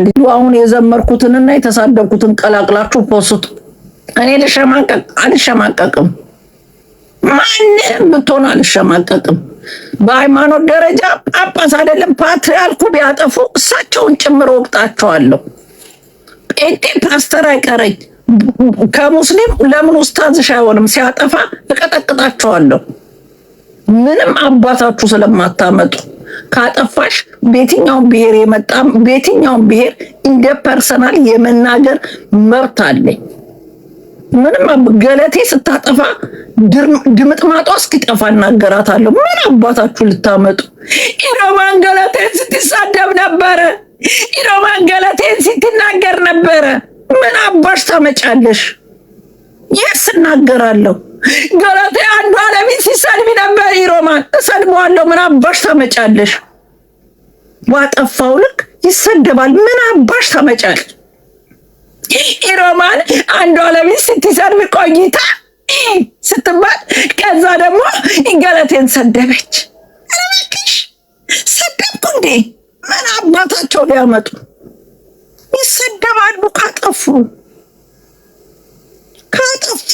እንዲሁ አሁን የዘመርኩትንና የተሳደብኩትን ቀላቅላችሁ ፖስት። እኔ ልሸማቀቅ አልሸማቀቅም፣ ማንም ብትሆን አልሸማቀቅም። በሃይማኖት ደረጃ ጳጳስ አይደለም ፓትርያርኩ ቢያጠፉ እሳቸውን ጭምር ወቅጣቸዋለሁ። ጴንጤ ፓስተር አይቀረኝ ከሙስሊም ለምን ውስታዝሽ አይሆንም ሲያጠፋ እቀጠቅጣቸዋለሁ። ምንም አባታችሁ ስለማታመጡ ካጠፋሽ በየትኛውም ብሔር የመጣ በየትኛውም ብሔር እንደ ፐርሰናል የመናገር መብት አለኝ። ምንም ገለቴ ስታጠፋ ድምጥማጧ እስኪጠፋ እናገራታለሁ። ምን አባታችሁ ልታመጡ? ኢሮማን ገለቴን ስትሳደብ ነበረ። ኢሮማን ገለቴን ስትናገር ነበረ። ምን አባሽ ታመጫለሽ? የስ እናገራለሁ። ገለቴ አንዱ ለሚት ሲሰድቢ ነበር። ይሮማን እሰድበዋለሁ ምን አባሽ ተመጫለሽ? ዋጠፋው ልክ ይሰደባል። ምን አባሽ ተመጫል? ኢሮማን አንዱ ለሚት ስትሰድብ ቆይታ ስትባል ከዛ ደግሞ ገለቴን ሰደበች። እባክሽ ሰደብኩ እንዴ? ምን አባታቸው ሊያመጡ ይሰደባሉ። ካጠፉ ካጠፉ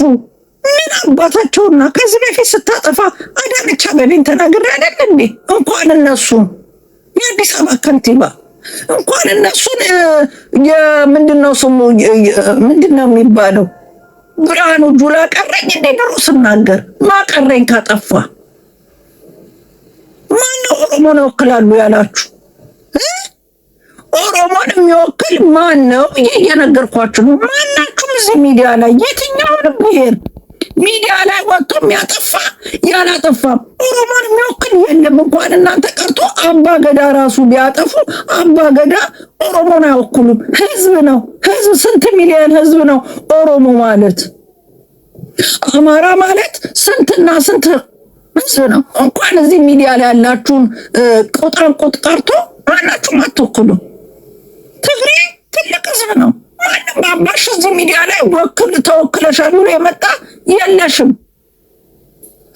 ምን አባታቸውና ከዚህ በፊት ስታጠፋ አዳነች አቤቤን ተናግሬ አይደል እንዴ? እንኳን እነሱ የአዲስ አበባ ከንቲባ እንኳን እነሱን የምንድነው ስሙ ምንድነው የሚባለው ብርሃኑ ጁላ ቀረኝ እንዴ? ድሮ ስናገር ማቀረኝ ካጠፋ ማነው ኦሮሞን ይወክላሉ ያላችሁ? ኦሮሞን የሚወክል ማን ነው? እየነገርኳችሁ ነው። ማናችሁም እዚህ ሚዲያ ላይ የትኛውን ብሄር ሚዲያ ላይ ወጥቶ የሚያጠፋ ያላጠፋም ኦሮሞን የሚወክል የለም። እንኳን እናንተ ቀርቶ አባ ገዳ ራሱ ቢያጠፉ አባ ገዳ ኦሮሞን አይወክሉም። ህዝብ ነው ህዝብ፣ ስንት ሚሊዮን ህዝብ ነው ኦሮሞ ማለት አማራ ማለት ስንትና ስንት ህዝብ ነው። እንኳን እዚህ ሚዲያ ላይ ያላችሁን ቁጥር ቁጥ ቀርቶ ማናችሁም አትወክሉም ትግሬ ትልቅ ህዝብ ነው። ማንም አባሽ እዚህ ሚዲያ ላይ ወክል ተወክለሻል ብሎ የመጣ የለሽም።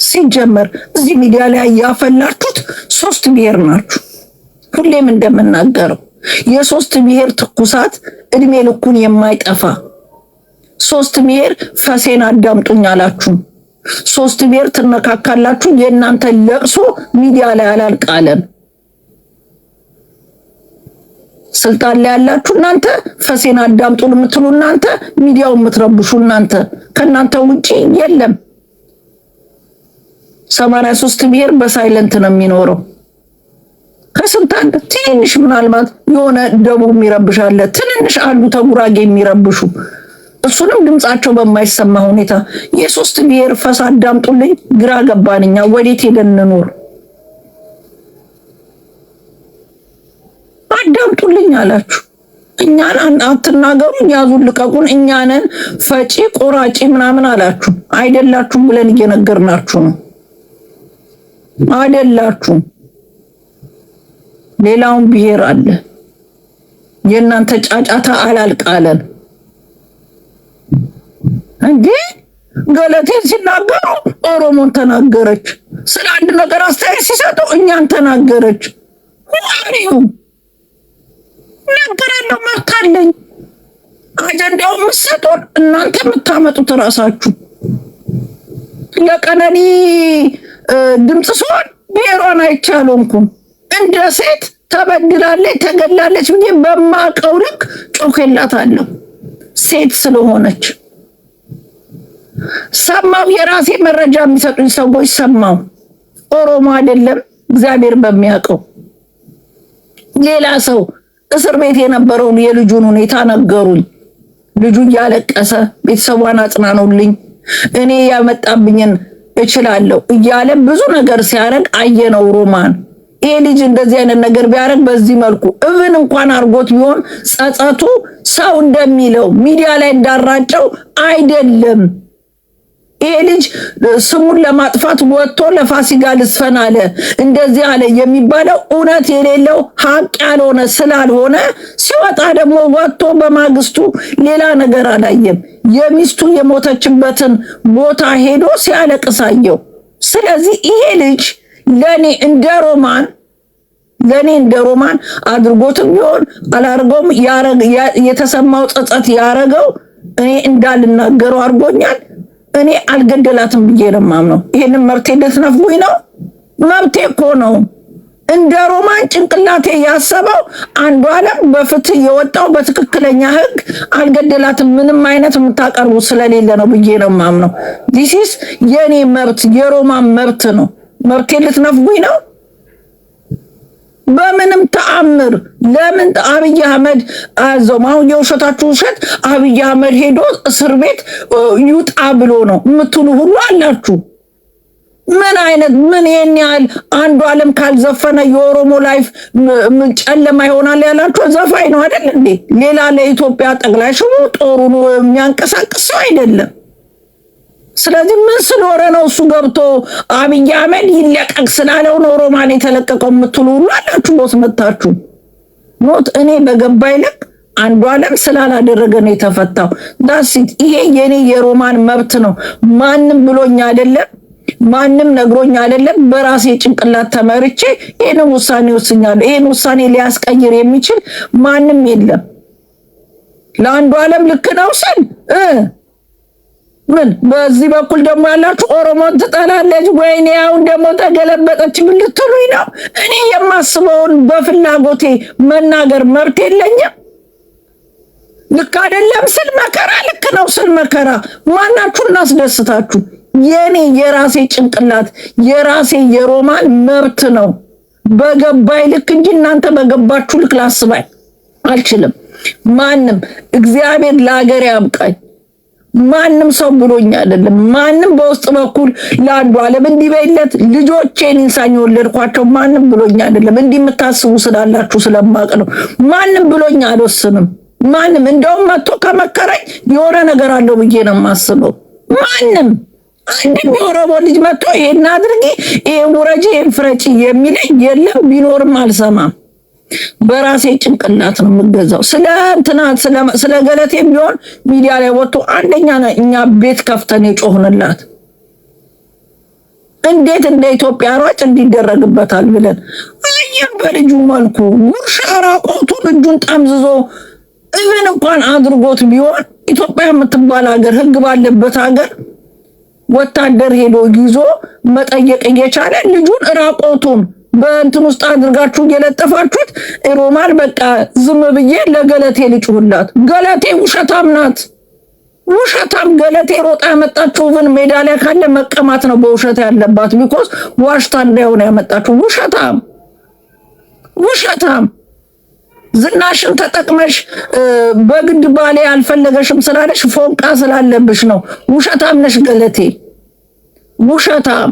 ሲጀመር እዚህ ሚዲያ ላይ ያፈላችሁት ሶስት ብሔር ናችሁ። ሁሌም እንደምናገረው የሶስት ብሔር ትኩሳት እድሜ ልኩን የማይጠፋ ሶስት ብሔር ፈሴን አዳምጡኝ አላችሁም። ሶስት ብሔር ትነካካላችሁ። የእናንተ ለቅሶ ሚዲያ ላይ አላልቃለም። ስልጣን ላይ ያላችሁ እናንተ፣ ፈሴን አዳምጡን የምትሉ እናንተ፣ ሚዲያው የምትረብሹ እናንተ፣ ከእናንተ ውጪ የለም። ሰማንያ ሶስት ብሔር በሳይለንት ነው የሚኖረው። ከስልጣን አንድ ትንሽ ምናልባት የሆነ ደቡብ የሚረብሻለ ትንንሽ አሉ ተጉራጌ የሚረብሹ እሱንም ድምፃቸው በማይሰማ ሁኔታ የሶስት ብሔር ፈስ አዳምጡልኝ። ግራ ገባንኛ። ወዴት ሄደን እንኖር? አዳምጡልኝ አላችሁ። እኛን አትናገሩን፣ ያዙን፣ ልቀቁን፣ እኛንን ፈጪ ቆራጪ ምናምን አላችሁ። አይደላችሁም ብለን እየነገርናችሁ ነው። አይደላችሁም። ሌላውን ብሔር አለ። የእናንተ ጫጫታ አላልቃለን እንዴ? ገለቴን ሲናገሩ ኦሮሞን ተናገረች። ስለ አንድ ነገር አስተያየት ሲሰጡ እኛን ተናገረች። ሁሪው እናገራለሁ፣ መብት አለኝ። አጀንዳው የምትሰጡን እናንተ የምታመጡት እራሳችሁ። ለቀነኒ ድምፅ ሲሆን ብሔሯን አይቻለንኩም እንደ ሴት ተበድላለች ተገላለች ብዬ በማቀው ልክ ጮኬላታለሁ። ሴት ስለሆነች ሰማው የራሴ መረጃ የሚሰጡኝ ሰዎች ሰማው ኦሮሞ አይደለም እግዚአብሔር በሚያውቀው ሌላ ሰው እስር ቤት የነበረውን የልጁን ሁኔታ ነገሩኝ። ልጁ እያለቀሰ ቤተሰቧን አጽናኑልኝ፣ እኔ ያመጣብኝን እችላለሁ እያለ ብዙ ነገር ሲያደርግ አየነው ሮማን። ይሄ ልጅ እንደዚህ አይነት ነገር ቢያደርግ በዚህ መልኩ እብን እንኳን አድርጎት ቢሆን ጸጸቱ ሰው እንደሚለው ሚዲያ ላይ እንዳራጨው አይደለም። ይሄ ልጅ ስሙን ለማጥፋት ወጥቶ ለፋሲካ ልስፈን አለ እንደዚህ አለ የሚባለው እውነት የሌለው ሀቅ ያልሆነ ስላልሆነ ሲወጣ ደግሞ ወጥቶ በማግስቱ ሌላ ነገር አላየም። የሚስቱ የሞተችበትን ቦታ ሄዶ ሲያለቅስ አየው። ስለዚህ ይሄ ልጅ ለእኔ እንደ ሮማን ለእኔ እንደ ሮማን አድርጎትም ቢሆን አላርገውም የተሰማው ጸጸት ያረገው እኔ እንዳልናገረው አድርጎኛል። እኔ አልገደላትም ብዬ ነው ይሄንን መብቴ ልትነፍጉኝ ነው? መብቴ እኮ ነው። እንደ ሮማን ጭንቅላቴ ያሰበው አንዱ አለም በፍትህ የወጣው በትክክለኛ ህግ አልገደላትም ምንም አይነት የምታቀርቡ ስለሌለ ነው ብዬ ነው የማምነው። ዲሲስ የእኔ መብት የሮማን መብት ነው። መብቴ ልትነፍጉኝ ነው? በምንም ተአምር ለምን አብይ አህመድ አዘም? አሁን የውሸታችሁ ውሸት አብይ አህመድ ሄዶ እስር ቤት ይውጣ ብሎ ነው የምትሉ ሁሉ አላችሁ። ምን አይነት ምን ይህን ያህል አንዱ ዓለም ካልዘፈነ የኦሮሞ ላይፍ ጨለማ ይሆናል ያላችሁ ዘፋኝ ነው አይደል እንዴ? ሌላ ለኢትዮጵያ ጠቅላይ ጦሩን የሚያንቀሳቅስ ሰው አይደለም። ስለዚህ ምን ስለሆነ ነው እሱ ገብቶ አብይ አህመድ ይለቀቅ ስላለው ነው ሮማን የተለቀቀው የምትሉ ሁሉ አላችሁ። ሞት መታችሁ ሞት እኔ በገባይ ልክ አንዱ አለም ስላላደረገ ነው የተፈታው። ዳሲት ይሄ የኔ የሮማን መብት ነው። ማንም ብሎኝ አይደለም፣ ማንም ነግሮኝ አይደለም። በራሴ ጭንቅላት ተመርቼ ይህንን ውሳኔ ወስኛለሁ። ይህን ውሳኔ ሊያስቀይር የሚችል ማንም የለም። ለአንዱ አለም ልክ ነው ስል ምን በዚህ በኩል ደግሞ ያላችሁ ኦሮሞን ትጠላለች። ወይኔ አሁን ደግሞ ተገለበጠች ምን ልትሉኝ ነው? እኔ የማስበውን በፍላጎቴ መናገር መብት የለኝም። ልክ አይደለም ስል መከራ፣ ልክ ነው ስል መከራ። ማናችሁ እናስደስታችሁ? የኔ የራሴ ጭንቅላት የራሴ የሮማን መብት ነው። በገባይ ልክ እንጂ እናንተ በገባችሁ ልክ ላስባይ አልችልም። ማንም እግዚአብሔር ለሀገር ያብቃኝ። ማንም ሰው ብሎኝ አይደለም። ማንም በውስጥ በኩል ለአንዱ ዓለም እንዲበይለት ልጆቼን እንሳኝ ወለድኳቸው ማንም ብሎኝ አይደለም። እንዲህ የምታስቡ ስላላችሁ ስለማቅ ነው። ማንም ብሎኝ አልወስንም። ማንም እንደውም መጥቶ ከመከረኝ የሆነ ነገር አለው ብዬ ነው የማስበው። ማንም አንድም የኦሮሞ ልጅ መጥቶ ይሄን አድርጊ፣ ይሄን ውረጂ፣ ይሄን ፍረጪ የሚለኝ የለም። ቢኖርም አልሰማም። በራሴ ጭንቅላት ነው የምገዛው። ስለ እንትናት ስለ ገለቴ ቢሆን ሚዲያ ላይ ወጥቶ አንደኛ እኛ ቤት ከፍተን የጮህንላት እንዴት እንደ ኢትዮጵያ ሯጭ እንዲደረግበታል ብለን አየን። በልጁ መልኩ ውርሻ ራቆቱን እጁን ጠምዝዞ እብን እንኳን አድርጎት ቢሆን ኢትዮጵያ የምትባል ሀገር ህግ ባለበት ሀገር ወታደር ሄዶ ይዞ መጠየቅ እየቻለ ልጁን ራቆቱን በእንትን ውስጥ አድርጋችሁ እየለጠፋችሁት ሮማን በቃ ዝም ብዬ ለገለቴ ልጩሁላት። ገለቴ ውሸታም ናት፣ ውሸታም ገለቴ ሮጣ ያመጣችሁትን ሜዳሊያ ካለ መቀማት ነው በውሸት ያለባት። ቢኮስ ዋሽታ እንዳይሆነ ያመጣችሁ ውሸታም ውሸታም ዝናሽን ተጠቅመሽ በግድ ባሌ አልፈለገሽም ስላለሽ ፎንቃ ስላለብሽ ነው። ውሸታም ነሽ ገለቴ ውሸታም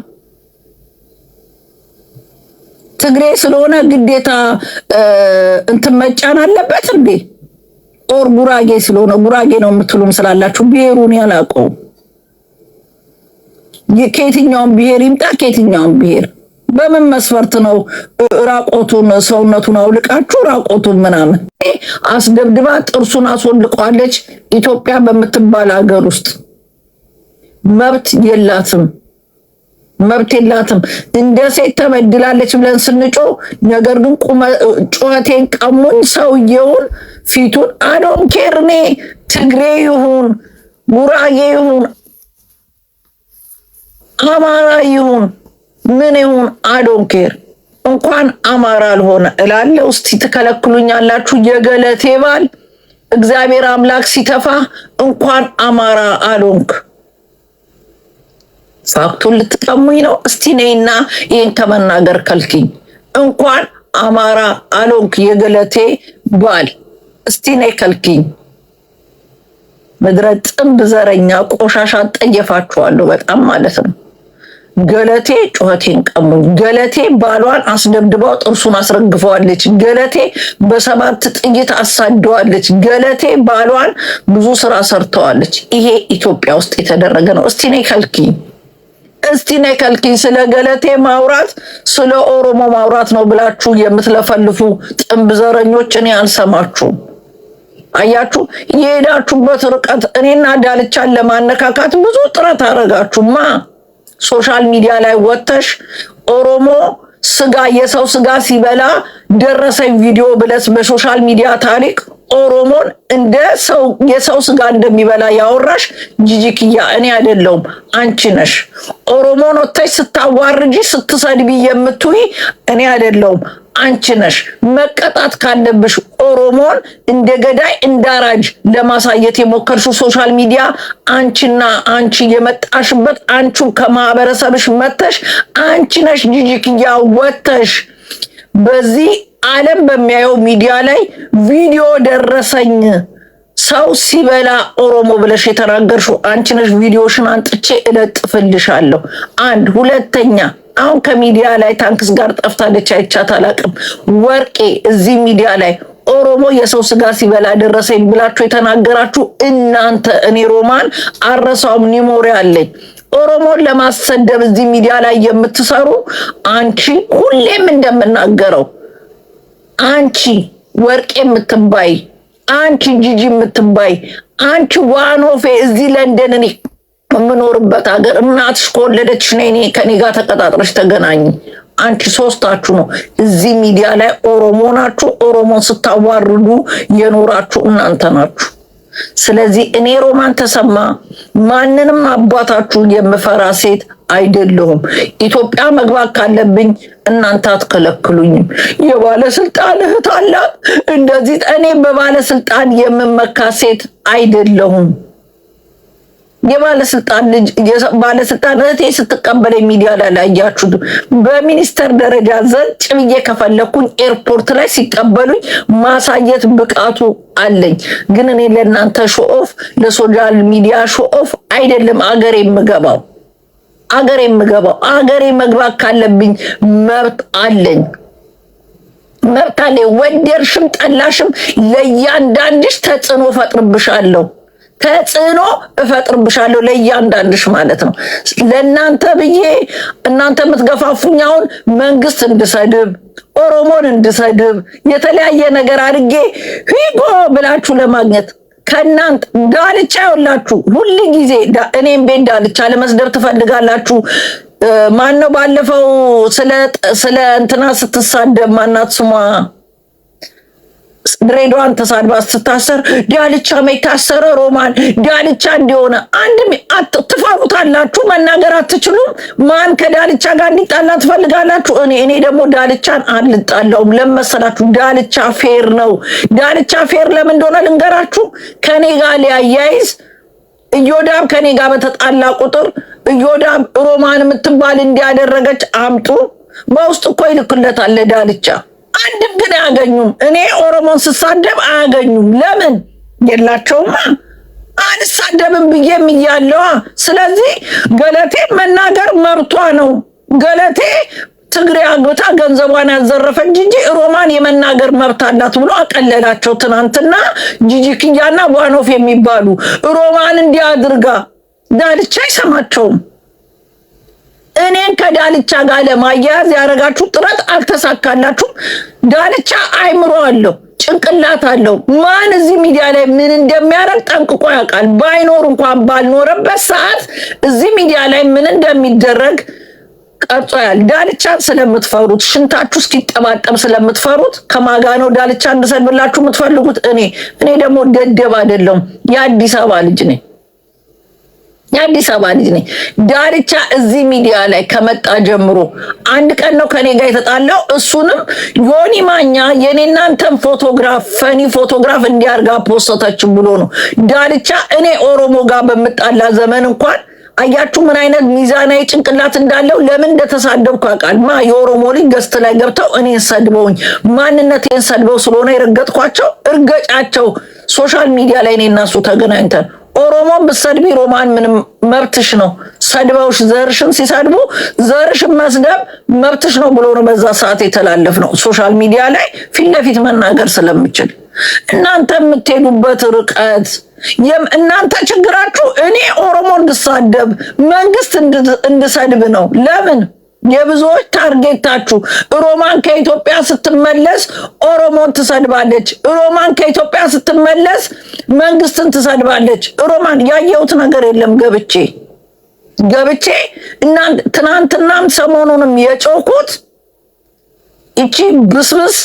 ትግሬ ስለሆነ ግዴታ እንትን መጫን አለበት እንዴ? ጦር ጉራጌ ስለሆነ ጉራጌ ነው የምትሉም ስላላችሁ ብሔሩን ያላቀው ከየትኛውም ብሔር ይምጣ ከየትኛውም ብሔር በምን መስፈርት ነው ራቆቱን ሰውነቱን አውልቃችሁ ራቆቱን ምናምን አስደብድባ ጥርሱን አስወልቀዋለች ኢትዮጵያ በምትባል ሀገር ውስጥ መብት የላትም መብት የላትም። እንደ ሴት ተበድላለች ብለን ስንጮ ነገር ግን ጩኸቴን ቀሙኝ። ሰውየውን ፊቱን አዶም ኬርኔ ትግሬ ይሁን ጉራጌ ይሁን አማራ ይሁን ምን ይሁን አዶም ኬር እንኳን አማራ አልሆነ እላለሁ። ተከለክሉኝ ትከለክሉኛላችሁ? የገለቴ ባል እግዚአብሔር አምላክ ሲተፋ እንኳን አማራ አልሆንክ ፋክቱን ልትቀሙኝ ነው? እስቲ ነይና ይህን ከመናገር ከልኪኝ። እንኳን አማራ አሎንክ የገለቴ ባል እስቲ ነይ ከልኪኝ። ምድረ ጥንብ ዘረኛ ቆሻሻ ጠየፋችኋለሁ፣ በጣም ማለት ነው። ገለቴ ጩኸቴን ቀሙኝ። ገለቴ ባሏን አስደብድባው ጥርሱን አስረግፈዋለች። ገለቴ በሰባት ጥይት አሳደዋለች። ገለቴ ባሏን ብዙ ስራ ሰርተዋለች። ይሄ ኢትዮጵያ ውስጥ የተደረገ ነው። እስቲ ነይ ከልኪኝ። እስቲ ነይ ከልኪ፣ ስለ ገለቴ ማውራት ስለ ኦሮሞ ማውራት ነው ብላችሁ የምትለፈልፉ ጥንብ ዘረኞች እኔ አልሰማችሁም። አያችሁ፣ የሄዳችሁበት ርቀት። እኔና ዳልቻን ለማነካካት ብዙ ጥረት አረጋችሁማ። ሶሻል ሚዲያ ላይ ወጥተሽ ኦሮሞ ስጋ የሰው ስጋ ሲበላ ደረሰኝ ቪዲዮ ብለስ በሶሻል ሚዲያ ታሪክ ኦሮሞን እንደ ሰው የሰው ስጋ እንደሚበላ ያወራሽ ጂጂክያ እኔ አይደለውም፣ አንቺ ነሽ። ኦሮሞን ወተሽ ስታዋርጂ ስትሰድቢ የምትይ እኔ አይደለውም፣ አንቺ ነሽ። መቀጣት ካለብሽ ኦሮሞን እንደ ገዳይ እንዳራጅ ለማሳየት የሞከርሽው ሶሻል ሚዲያ አንቺና አንቺ የመጣሽበት አንቺ ከማህበረሰብሽ መተሽ አንቺ ነሽ ጂጂክያ ወተሽ በዚህ ዓለም በሚያየው ሚዲያ ላይ ቪዲዮ ደረሰኝ ሰው ሲበላ ኦሮሞ ብለሽ የተናገርሽው አንቺ ነሽ። ቪዲዮሽን አንጥቼ እለጥፍልሻለሁ። አንድ ሁለተኛ፣ አሁን ከሚዲያ ላይ ታንክስ ጋር ጠፍታለች፣ አይቻት አላቅም። ወርቄ እዚህ ሚዲያ ላይ ኦሮሞ የሰው ስጋ ሲበላ ደረሰኝ ብላችሁ የተናገራችሁ እናንተ፣ እኔ ሮማን አረሳውም ኒሞሪ አለኝ። ኦሮሞን ለማሰደብ እዚህ ሚዲያ ላይ የምትሰሩ አንቺ ሁሌም እንደምናገረው አንቺ ወርቅ የምትባይ አንቺ ጂጂ የምትባይ አንቺ ዋኖፌ እዚህ ለንደን እኔ የምኖርበት ሀገር እናትሽ ከወለደች ነ ኔ ከኔ ጋር ተቀጣጥረሽ ተገናኝ። አንቺ ሶስታችሁ ነው እዚህ ሚዲያ ላይ ኦሮሞ ናችሁ። ኦሮሞን ስታዋርዱ የኖራችሁ እናንተ ናችሁ። ስለዚህ እኔ ሮማን ተሰማ ማንንም አባታችሁ የምፈራ ሴት አይደለሁም። ኢትዮጵያ መግባት ካለብኝ እናንተ አትከለክሉኝም። የባለስልጣን እህት አላት እንደዚህ። እኔ በባለስልጣን የምመካ ሴት አይደለሁም። የባለስልጣን ልጅ ባለስልጣን እህቴ ስትቀበለ ሚዲያ ላይ ላያችሁት። በሚኒስተር ደረጃ ዘጭ ብዬ ከፈለኩኝ ኤርፖርት ላይ ሲቀበሉኝ ማሳየት ብቃቱ አለኝ። ግን እኔ ለእናንተ ሾኦፍ ለሶሻል ሚዲያ ሾኦፍ አይደለም አገር የምገባው። አገር የምገባው አገሬ መግባት ካለብኝ መብት አለኝ መብት አለኝ። ወደድሽም ጠላሽም ለእያንዳንድሽ ተጽዕኖ እፈጥርብሻለሁ ተጽዕኖ እፈጥርብሻለሁ ለእያንዳንድሽ ማለት ነው። ለእናንተ ብዬ እናንተ የምትገፋፉኝ አሁን መንግስት እንድሰድብ ኦሮሞን እንድሰድብ የተለያየ ነገር አድርጌ ሂጎ ብላችሁ ለማግኘት ከእናንተ ዳልቻ ያውላችሁ ሁል ጊዜ እኔም ቤት ዳልቻ ለመስደብ ትፈልጋላችሁ። ማን ነው ባለፈው ስለ እንትና ስትሳደብ ማናት ስሟ? ድሬዳዋን ተሳድባ ስታሰር ዳልቻ የታሰረ ሮማን ዳልቻ እንዲሆነ አንድም ትፈሩታላችሁ፣ መናገር አትችሉም። ማን ከዳልቻ ጋር እንዲጣላ ትፈልጋላችሁ? እኔ እኔ ደግሞ ዳልቻን አልጣላውም። ለመሰላችሁ ዳልቻ ፌር ነው። ዳልቻ ፌር ለምን እንደሆነ ልንገራችሁ። ከኔ ጋር ሊያያይዝ እዮዳብ ከኔ ጋር በተጣላ ቁጥር እዮዳብ ሮማን የምትባል እንዲያደረገች አምጡ በውስጥ እኮ ይልክለታል ለዳልቻ አንድም ግን አያገኙም። እኔ ኦሮሞን ስሳደብ አያገኙም። ለምን የላቸውማ አንሳደብም ብዬም እያለዋ። ስለዚህ ገለቴ መናገር መብቷ ነው። ገለቴ ትግሬ አግብታ ገንዘቧን ያዘረፈች እንጂ ሮማን የመናገር መብት አላት ብሎ አቀለላቸው። ትናንትና ጂጂ ክያና ዋኖፍ የሚባሉ ሮማን እንዲያድርጋ ዳልቻ አይሰማቸውም። እኔን ከዳልቻ ጋር ለማያያዝ ያደረጋችሁ ጥረት አልተሳካላችሁም። ዳልቻ አይምሮ አለው፣ ጭንቅላት አለው። ማን እዚህ ሚዲያ ላይ ምን እንደሚያደርግ ጠንቅቆ ያውቃል። ባይኖር እንኳን ባልኖረበት ሰዓት እዚህ ሚዲያ ላይ ምን እንደሚደረግ ቀርጾ ያል ዳልቻን ስለምትፈሩት ሽንታችሁ እስኪጠባጠብ ስለምትፈሩት ከማጋ ነው ዳልቻ እንድሰድብላችሁ የምትፈልጉት። እኔ እኔ ደግሞ ደደብ አይደለሁም፣ የአዲስ አበባ ልጅ ነኝ። የአዲስ አበባ ልጅ ነኝ። ዳርቻ እዚህ ሚዲያ ላይ ከመጣ ጀምሮ አንድ ቀን ነው ከኔ ጋር የተጣላው። እሱንም ዮኒ ማኛ የኔናንተን ፎቶግራፍ ፈኒ ፎቶግራፍ እንዲያርጋ ፖስተታች ብሎ ነው። ዳርቻ እኔ ኦሮሞ ጋር በምጣላ ዘመን እንኳን አያችሁ ምን አይነት ሚዛናዊ ጭንቅላት እንዳለው። ለምን እንደተሳደብኩ አውቃል። ማ የኦሮሞ ልጅ ገስት ላይ ገብተው እኔን ሰድበውኝ ማንነቴን ሰድበው ስለሆነ የረገጥኳቸው እርገጫቸው። ሶሻል ሚዲያ ላይ እኔ እናሱ ተገናኝተን ኦሮሞን ብትሰድቢ ሮማን ምንም መብትሽ ነው። ሰድበውሽ ዘርሽን ሲሰድቡ ዘርሽን መስደብ መብትሽ ነው ብሎ ነው በዛ ሰዓት የተላለፍ ነው። ሶሻል ሚዲያ ላይ ፊት ለፊት መናገር ስለምችል እናንተ የምትሄዱበት ርቀት እናንተ ችግራችሁ እኔ ኦሮሞ እንድሳደብ መንግስት እንድሰድብ ነው። ለምን የብዙዎች ታርጌታችሁ ሮማን ከኢትዮጵያ ስትመለስ ኦሮሞን ትሰድባለች። ሮማን ከኢትዮጵያ ስትመለስ መንግስትን ትሰድባለች። ሮማን ያየሁት ነገር የለም ገብቼ ገብቼ እና ትናንትናም ሰሞኑንም የጮኩት እቺ ብስብስ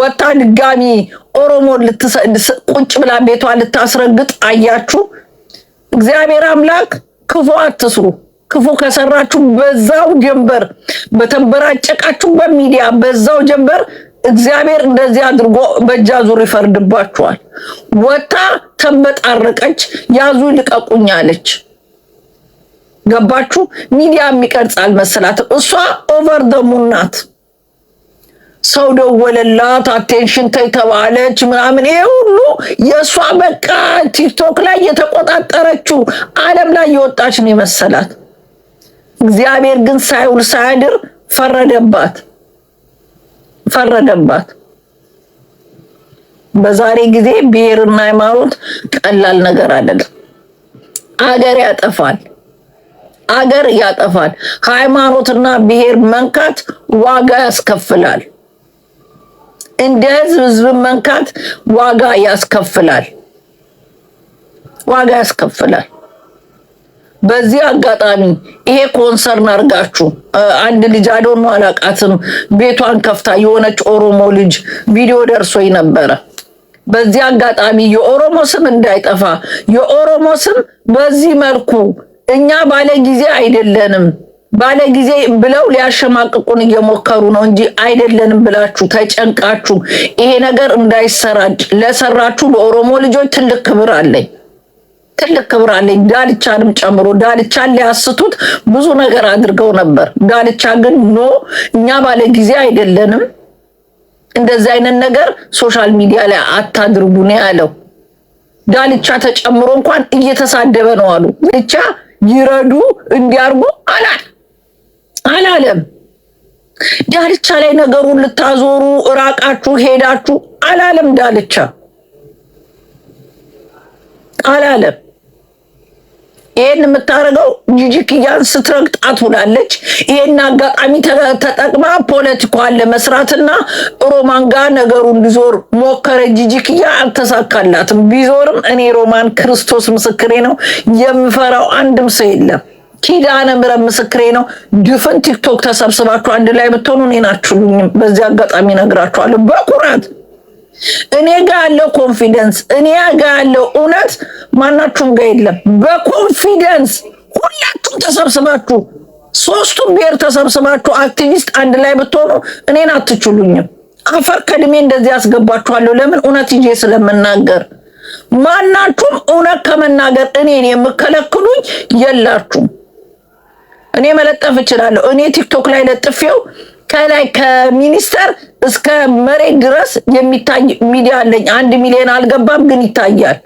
ወታ ድጋሚ ኦሮሞን ቁጭ ብላ ቤቷ ልታስረግጥ አያችሁ። እግዚአብሔር አምላክ ክፉ አትስሩ። ክፉ ከሰራችሁ በዛው ጀንበር፣ በተንበራጨቃችሁ በሚዲያ በዛው ጀንበር እግዚአብሔር እንደዚህ አድርጎ በእጅ አዙር ይፈርድባችኋል። ወታ ተመጣረቀች፣ ያዙ ልቀቁኝ አለች። ገባችሁ? ሚዲያ የሚቀርጽ አልመሰላትም። እሷ ኦቨር ደሙን ናት። ሰው ደወለላት፣ አቴንሽን ተባለች፣ ምናምን ይሄ ሁሉ የእሷ በቃ ቲክቶክ ላይ የተቆጣጠረችው ዓለም ላይ የወጣች ነው የመሰላት። እግዚአብሔር ግን ሳይውል ሳያድር ፈረደባት ፈረደባት። በዛሬ ጊዜ ብሔርና ሃይማኖት ቀላል ነገር አይደለም። አገር ያጠፋል፣ አገር ያጠፋል። ሃይማኖትና ብሔር መንካት ዋጋ ያስከፍላል። እንደ ህዝብ ህዝብ መንካት ዋጋ ያስከፍላል፣ ዋጋ ያስከፍላል። በዚህ አጋጣሚ ይሄ ኮንሰርን አርጋችሁ አንድ ልጅ አዶኖ አላቃትም ቤቷን ከፍታ የሆነች ኦሮሞ ልጅ ቪዲዮ ደርሶኝ ነበረ። በዚህ አጋጣሚ የኦሮሞ ስም እንዳይጠፋ የኦሮሞ ስም በዚህ መልኩ እኛ ባለ ጊዜ አይደለንም ባለ ጊዜ ብለው ሊያሸማቅቁን እየሞከሩ ነው እንጂ አይደለንም ብላችሁ ተጨንቃችሁ ይሄ ነገር እንዳይሰራጭ ለሰራችሁ ለኦሮሞ ልጆች ትልቅ ክብር አለኝ። ትልቅ ክብር አለኝ። ዳልቻንም ጨምሮ ዳልቻን ሊያስቱት ብዙ ነገር አድርገው ነበር። ዳልቻ ግን ኖ እኛ ባለ ጊዜ አይደለንም፣ እንደዚህ አይነት ነገር ሶሻል ሚዲያ ላይ አታድርጉ ነው ያለው። ዳልቻ ተጨምሮ እንኳን እየተሳደበ ነው አሉ። ብቻ ይረዱ እንዲያርጉ አላል አላለም። ዳልቻ ላይ ነገሩን ልታዞሩ እራቃችሁ ሄዳችሁ አላለም ዳልቻ አላለም። ይህን የምታደርገው ጂጂክያን ስትረግጣት ውላለች። ይሄን አጋጣሚ ተጠቅማ ፖለቲካዋን ለመስራትና ሮማን ጋር ነገሩ እንዲዞር ሞከረ። ጂጂክያ አልተሳካላትም። ቢዞርም እኔ ሮማን ክርስቶስ ምስክሬ ነው የምፈራው አንድም ሰው የለም። ኪዳነ ምሕረት ምስክሬ ነው። ድፍን ቲክቶክ ተሰብስባችሁ አንድ ላይ ብትሆኑ እኔ ናችሁልኝም። በዚህ አጋጣሚ ነግራችኋለሁ በኩራት እኔ ጋ ያለው ኮንፊደንስ እኔ ጋ ያለው እውነት ማናችሁም ጋ የለም። በኮንፊደንስ ሁላችሁም ተሰብስባችሁ ሶስቱም ብሔር ተሰብስባችሁ አክቲቪስት አንድ ላይ ብትሆኑ እኔን አትችሉኝም። አፈር ከድሜ እንደዚህ ያስገባችኋለሁ። ለምን እውነት ይዤ ስለምናገር ማናችሁም እውነት ከመናገር እኔን የምከለክሉኝ የላችሁም። እኔ መለጠፍ እችላለሁ። እኔ ቲክቶክ ላይ ለጥፌው ከላይ ከሚኒስተር እስከ መሬት ድረስ የሚታይ ሚዲያ አለኝ። አንድ ሚሊዮን አልገባም ግን ይታያል።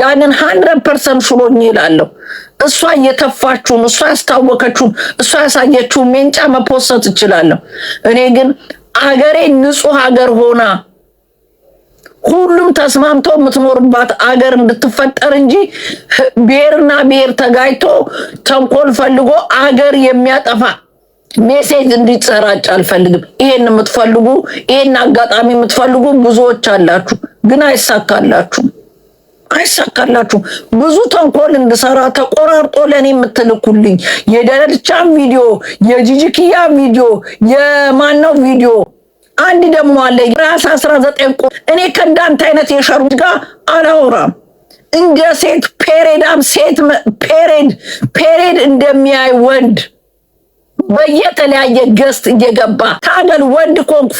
ያንን ሀንድረድ ፐርሰንት ሽሎኝ ይላለሁ። እሷ የተፋችሁን እሷ ያስታወከችሁን እሷ ያሳየችውን ሜንጫ መፖሰት እችላለሁ። እኔ ግን አገሬ ንጹህ ሀገር ሆና ሁሉም ተስማምቶ የምትኖርባት አገር እንድትፈጠር እንጂ ብሔርና ብሔር ተጋይቶ ተንኮል ፈልጎ አገር የሚያጠፋ ሜሴጅ እንዲጸራጭ አልፈልግም። ይሄን የምትፈልጉ ይሄን አጋጣሚ የምትፈልጉ ብዙዎች አላችሁ፣ ግን አይሳካላችሁም አይሳካላችሁ ብዙ ተንኮል እንድሰራ ተቆራርጦ ለእኔ የምትልኩልኝ የደረቻን ቪዲዮ፣ የጂጂክያ ቪዲዮ፣ የማነው ቪዲዮ አንድ ደግሞ አለ ራስ አስራ ዘጠኝ ቁ እኔ ከእንዳንተ አይነት የሸሩት ጋር አላወራም። እንደ ሴት ፔሬዳም ሴት ፔሬድ ፔሬድ እንደሚያይ ወንድ በየተለያየ ገስት እየገባ ከአገር ወንድ ኮንፎ